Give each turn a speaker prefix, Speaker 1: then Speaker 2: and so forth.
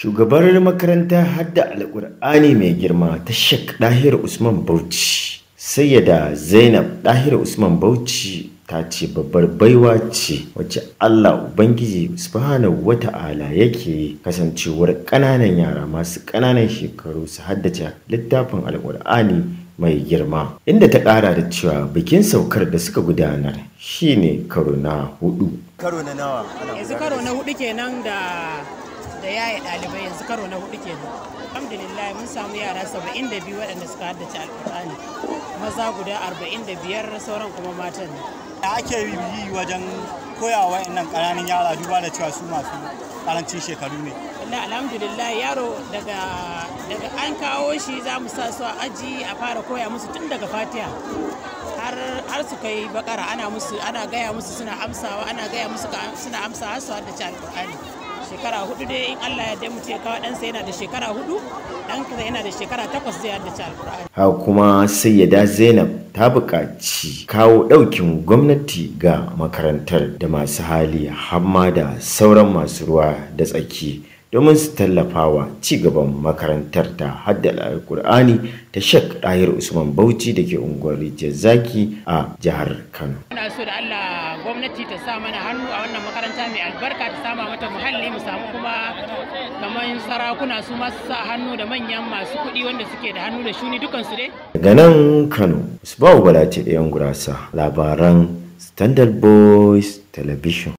Speaker 1: shugabar makarantar hadda alƙur'ani mai girma ta shek ɗahir usman bauchi sayyada zainab ɗahir usman bauchi ta ce babbar baiwa ce wacce allah ubangiji subhanahu wata'ala yake kasancewar ƙananan yara masu ƙananan shekaru su haddace littafin alƙur'ani mai girma inda ta ƙara da cewa bikin saukar da suka gudanar shine karo na hudu karo na nawa karo na
Speaker 2: hudu kenan da da yi ɗalibai yanzu karo na hudu ke alhamdulillah mun samu yara 72 waɗanda suka haddace alkur'ani maza guda 45 sauran kuma matan da ake yi
Speaker 1: wajen koyawa wa'annan ƙananan yara duba da cewa su masu ƙarancin shekaru
Speaker 2: ne alhamdulillah yaro daga daga an kawo shi za mu sa su a aji a fara koya musu tun daga fatiha har su kai bakara ana musu ana gaya musu suna amsawa ana gaya musu suna amsawa har su haddace alƙur'ani shekara hudu dai in Allah ya mutu ya kawo ɗansa yana da shekara hudu kaza yana da shekara takwas zai ci alƙur'ani.
Speaker 1: Ha kuma sayyada Zainab ta buƙaci kawo ɗaukin gwamnati ga makarantar da masu hali hamma da sauran masu ruwa da tsaki. domin su tallafawa ci gaban makarantar ta hadda alkur'ani ta shek ɗahir usman bauchi da ke unguwar rijiyar zaki a jihar kano
Speaker 2: ana so da allah gwamnati ta sa mana hannu a wannan makaranta mai albarka ta sama mata muhalli mu samu kuma kamar sarakuna su masu sa hannu da manyan masu kuɗi wanda suke da hannu da shuni dukansu dai
Speaker 1: daga nan kano su ba wa ce ɗayan gurasa labaran standard boys television